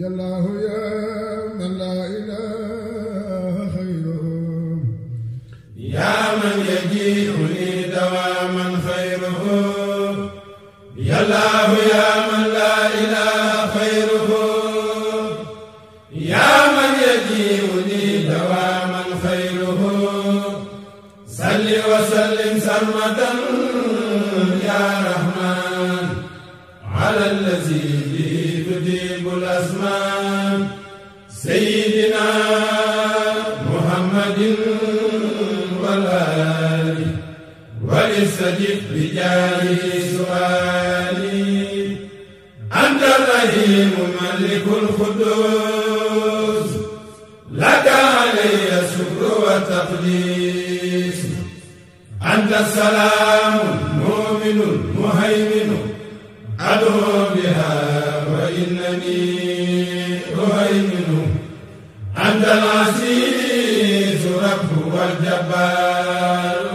يا الله يا من لا إله خيره يا من يجيء دواما خيره يا الله يا من لا إله خيره يا من يجيء دواما خيره صل وسلم سرمدا يا رحمن على الذي مجيب الأزمان سيدنا محمد والآل ولستجب بجاهه سؤالي أنت الرحيم ملك الخدوس لك علي الشكر والتقديس أنت السلام مؤمن مهيمن أدعو بها وإنني أهيمن أنت العزيز رب والجبار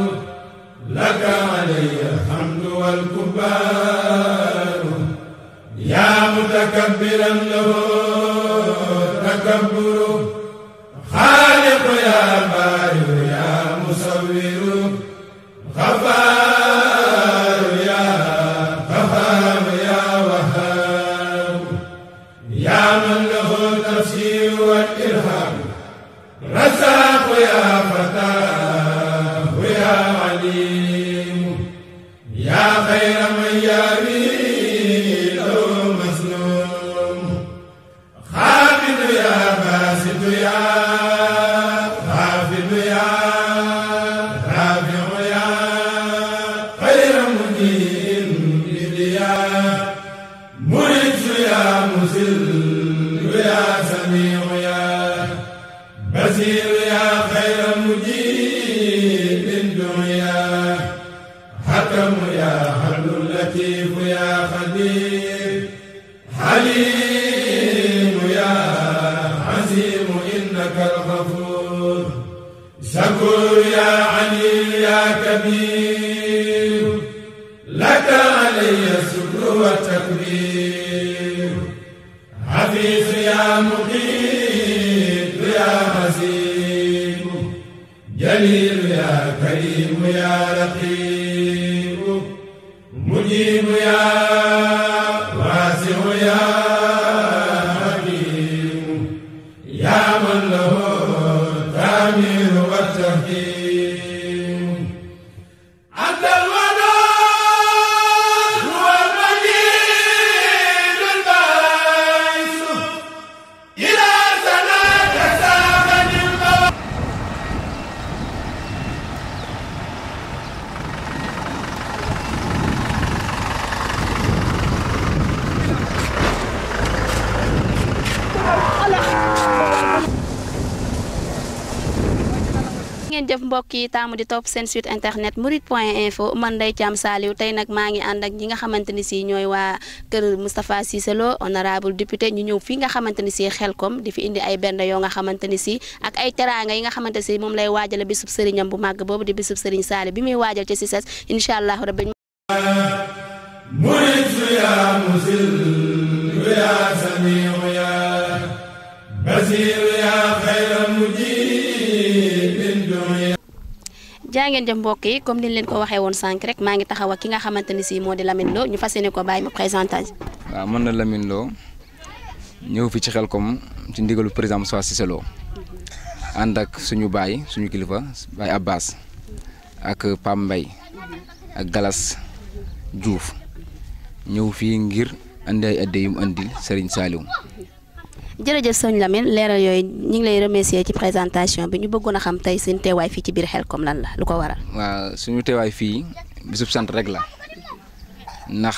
لك علي الحمد والكبار يا متكبرا له تكبره حكم يا حل اللطيف الكبير لك علي الشكر والتكبير حفيظ يا مقيت يا عزيز جليل يا كريم يا رقيب مجيب يا ngeen jëf mbokk yi taamu di topp seen site internet murit point info man Ndeye Thiam Saliou tey nag maa ngi ànd ak ñi nga xamante ni si ñooy waa kër Moustapha si selo honorable député ñu ñëw fii nga xamante ni si xelkom di fi indi ay benn yoo nga xamante ni si ak ay teraanga yi nga xamante si moom lay waajale bisub sëriñam bu màgg boobu di bisub sëriñ Saliou bi muy waajal ci si ses incha allah rabbi murit yaa musil yaa sami jaa ngeen jëf mbokk yi comme niñ leen ko waxee woon sànq rek maa ngi taxaw ak ki nga xamante ni si moo di Lamine Lo ñu fasiyene ko bàyyi ma présentage. waaw man na Lamine Lo ñëw fi ci xel kom ci ndigalu président Moussa Cissé Lo ànd ak suñu baay suñu kilifa baay Abbas ak Pam Mbaye ak Galas Diouf ñëw fii ngir andi ay adde yu mu andil Serigne Saliou jërëjëf sëñ Lamine leeral yooyu ñu ngi lay remercier ci présentation bi ñu bëggoon a xam tey seen teewaay fii ci biir Xelcom lan la lu ko waral. waaw suñu teewaay fii bisub sant rek la ndax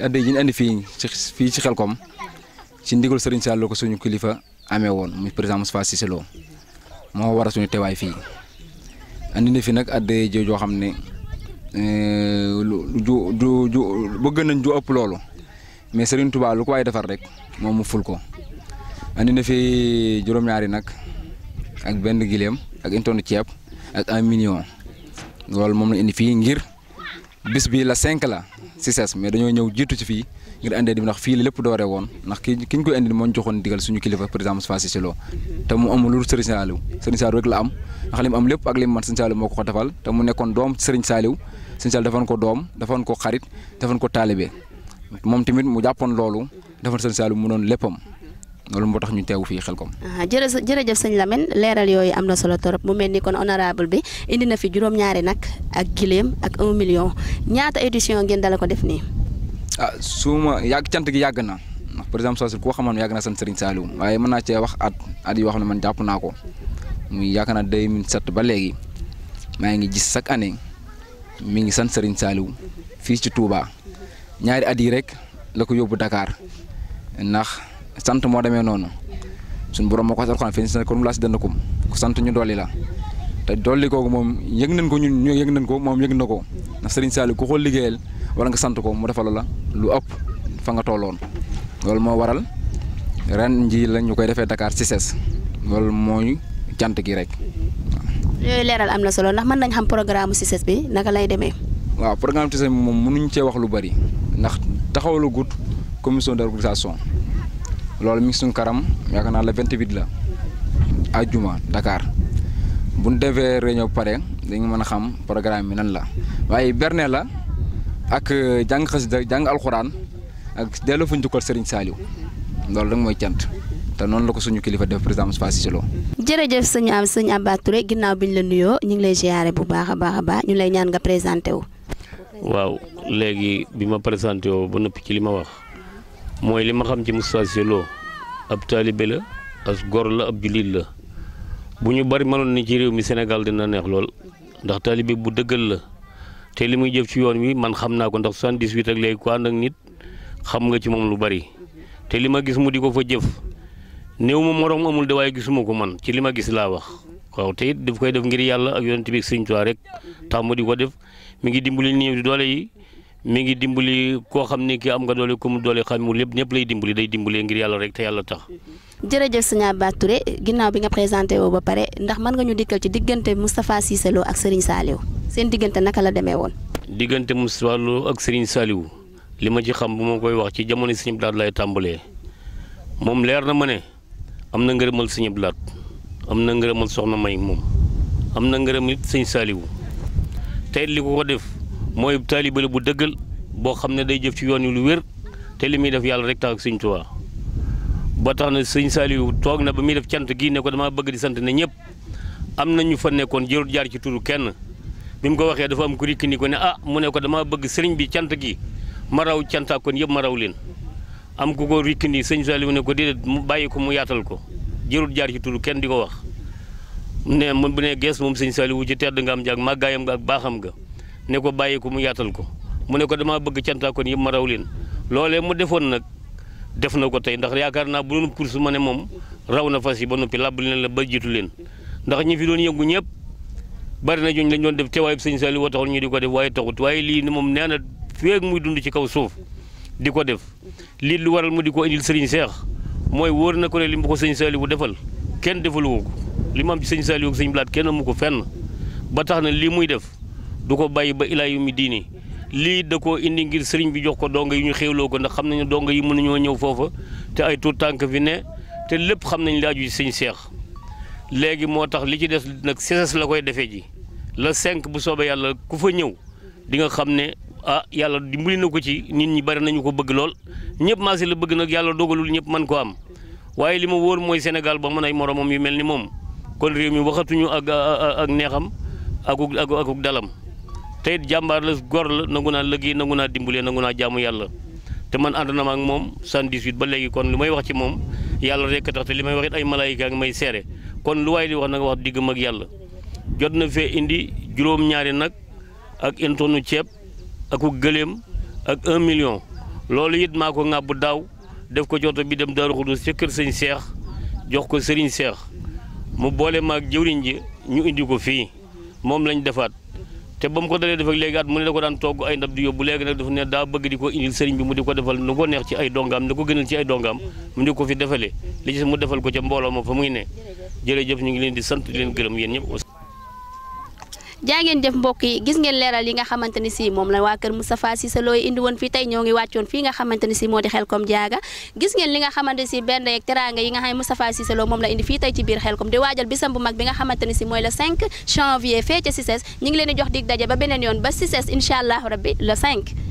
addiya yi ñu andi fii ci fii ci Xelcom ci ndigal Serigne Sall ko suñu kilifa amee woon muy président Moustapha Cissé Lo moo waral suñu teewaay fii andi na nag addiya joo xam ne eh, ju ju ju bëgg nañ ju ëpp loolu mais Serigne Touba lu ko waaye defar rek moom mu ful ko. andi na fi juróom ñaari nag ak benn gileem ak une tonne ceeb ak un million loolu moom la indi fii ngir bis bi la 5 la si ses mais dañoo ñëw jiitu ci fii ngir andee di ndax fii la lépp dooree woon ndax ko indi moo ñu digal suñu kilifa par exemple Fass Lo te mu amul lu Serigne Saliou Serigne Saliou rek la am ndax li mu am lépp ak li mu man Serigne Saliou moo ko ko defal te mu nekkoon doom Serigne Saliou Serigne Saliou defoon ko doom defoon ko xarit defoon ko taalibe moom tamit mu jàppoon loolu defoon Serigne Saliou mu noon léppam loolu moo tax ñu teew fii Xelcom. jërëjëf jërëjëf sëñ Lamine leeral yooyu am na solo torop mu mel ni kon honorable bi indi na fi juróom-ñaari nag ak gileem ak un million ñaata édition ngeen dala ko def nii. ah su ma yàgg cant gi yàgg na ndax par exemple Sassou koo xamoon yàgg na sant Serigne Saliou waaye mën naa cee wax at at yi wax ne man jàpp naa ko muy yaakaar naa 2007 ba léegi maa ngi gis chaque année mi ngi sant Serigne Saliou fii ci tuubaa ñaari at yi rek la ko yóbbu ndax. sant mo demé nonu sun borom mako ko wax alxuraan fi si kon mu laa si dëndakum ku sant ñu doli la te doli kooku mom yegg nañ ko ñun ñu yegg nañ ko yegg nako na Serigne sall ku xol ligéel wala nga sant ko mu defal la lu upp fa nga tolon lol mo waral ren ji la ñu koy defee Dakar ci ses loolu mooy cant gi rek. yoy leral amna na solo ndax man nañ xam programme ci ses bi naka lay démé waaw programme ci ses bi mënuñ ci wax lu bari ndax taxawlu gut commission d'organisation loolu mi ngi suñu karam yaakaar naa la 28 la ajjuma Dakar bu ñu defee réunion pare dañu mën a xam programme bi nan la waaye berne la ak euh, jàng xasida jàng alxuraan ak delloo fa njukkal Serigne Saliou loolu rek mooy cant. te noonu la ko suñu kilifa def président Moustapha Cissé Lo jërëjëf sëñ am sëñ Abba Touré ginnaaw bi ñu la nuyoo ñu ngi lay ziare bu baax a baax a baax ñu lay ñaan nga présenté waaw léegi bi ma présenté woo ba noppi ci li ma wax moy li ma xam ci Moustapha Cissé ab talibé la as gor la ab julit la buñu bari manon ni ci réew mi Sénégal dina neex lol ndax talibé bu deugal la té limuy jëf ci yoon wi man xamna ko ndax 78 ak ko and ak nit xam nga ci mom lu bari té lima ma gis mu di fa jëf new ma morom amul de way gisumako man ci lima ma gis la wax waaw té def koy def ngir yalla ak bi touba rek ko def mi ngi dimbali ni doole yi mi ngi dimbali koo xam ni ki am nga doole ku mu doole xamul lépp ñëpp lay dimbali day dimbalee ngir yàlla rek te yàlla tax. jërëjëf sëñ Abass Touré ginnaaw bi nga présenté woo ba pare ndax mën nga ñu dikkal ci diggante Moustapha Cissé Lo ak Serigne Saliou seen diggante naka la demee woon. diggante Moustapha Lo ak Serigne Saliou li ma ci xam bu ma koy wax ci jamono Sëñ Abdou lay tàmbalee moom leer na ma ne am na ngërëmal Sëñ Abdou Lahad am na ngërëmal soxna May moom am na ngërëm it Sëñ mooy taalibe bu dëggal boo xam ne day jëf ci yoon wi lu wér te li muy def yàlla rek tax ak sëñ boo tax na sëñ Saliou toog na ba muy def cant gii ne ko damaa bëgg di sant ne ñëpp am na ñu fa nekkoon jërut jaar ci turu kenn bi mu ko waxee dafa am ku rikki ko ne ah mu ne ko damaa bëgg sëriñ bi cant gi ma raw cant ak kon yëpp ma raw leen am ku ko rikki ni sëñ Saliou ne ko déedéet mu bàyyi ko mu yaatal ko jërut jaar ci turu kenn di ko wax ne bu ne gees moom sëñ Saliou ci tedd nga am ji ak nga ak baaxam nga ne ko bàyyi ko mu yaatal ko mu ne ko dama bëgg cantaakoon yëpp ma raw leen loolee mu defoon nag def na ko tey ndax yaakaar naa bu doon course ma ne moom raw na fas yi ba noppi làbb leen la ba jiitu leen ndax ñi fi doon yëngu ñëpp bari na ñooñu lañ doon def teewaayub sëñ Saliou wa taxul ñu di ko def waaye taxut waaye lii ni moom nee na feeg muy dund ci kaw suuf di ko def lii lu waral mu di ko indil sëriñ Seex mooy wóor na ko ne li mu ko sëñ Saliou defal kenn defalu ko li mu am ci sëñ Saliou ak sëñ Blaat kenn mu ko fenn ba tax na lii muy def. du ko bàyyi ba ilaa yu mi diini lii da ko indi ngir sëriñ bi jox ko donga yi ñu xéewloo ko ndax xam nañu donga yi mun mënuñoo ñëw foofa te ay tuut tànk fi ne te lépp xam nañu laaju ci sëñ seex léegi moo tax li ci des nag seses la koy defee ji la cinq bu soobee yàlla ku fa ñëw di nga xam ne a ah, yàlla dimbali na ko ci nit ñi bari nañu ko bëgg lool ñëpp maasi la bëgg nag yàlla dogalul ñëpp man ko am waaye li ma wóor mooy Sénégal ba mën ay moromam yu mel ni moom kon réew waxatuñu ak ak neexam akuk dalam te it jàmbaar la góor la nangu naa liggéey nangu naa dimbalee nangu naa jaamu yàlla te man ànd na moom ak moom 78 ba léegi kon li may wax ci moom yàlla rekk tax te li may wax it ay malaayika ak may seere kon lu waaye di wax nag wax digg mag yàlla jot na fee indi juróom-ñaari nag ak une ceeb ak gëléem ak un million loolu it maa ko ŋàbb daaw def ko joto bi dem Daaru Xudus ca kër sëñ Seex jox ko sëriñ Seex mu boole maag jëwriñ ji ñu indi ko fii moom lañ defaat te ba mu ko dalee def ak léegi at mu ne da ko daan togg ay ndab di yóbbu léegi nag dafa ne daa bëgg di ko indil sëriñ bi mu di ko defal nu ko neex ci ay dongaam nu ko gënal ci ay dongaam mu di ko fi defalee li ci mu defal ko ca mbooloo ma fa muy ne jërëjëf ñu ngi leen di sant di leen gërëm yéen ñëpp jaa ngeen jëf mbokk yi gis ngeen leeral yi nga xamante ni si moom la waa kër Moustapha Cissé Lo indi woon tey ñoo ngi wàccoon fii nga xamante ni si moo di Xelkom Jaaga gis ngeen li nga xamante si benn yeeg teraanga yi nga xam ne Moustapha Cissé Lo moom fii tey ci biir Xelkom di bi nga xamante ni si mooy le 5 janvier fee ca Cissé ñu ngi leen di jox dig daje ba beneen yoon ba Cissé incha allah rabbi le 5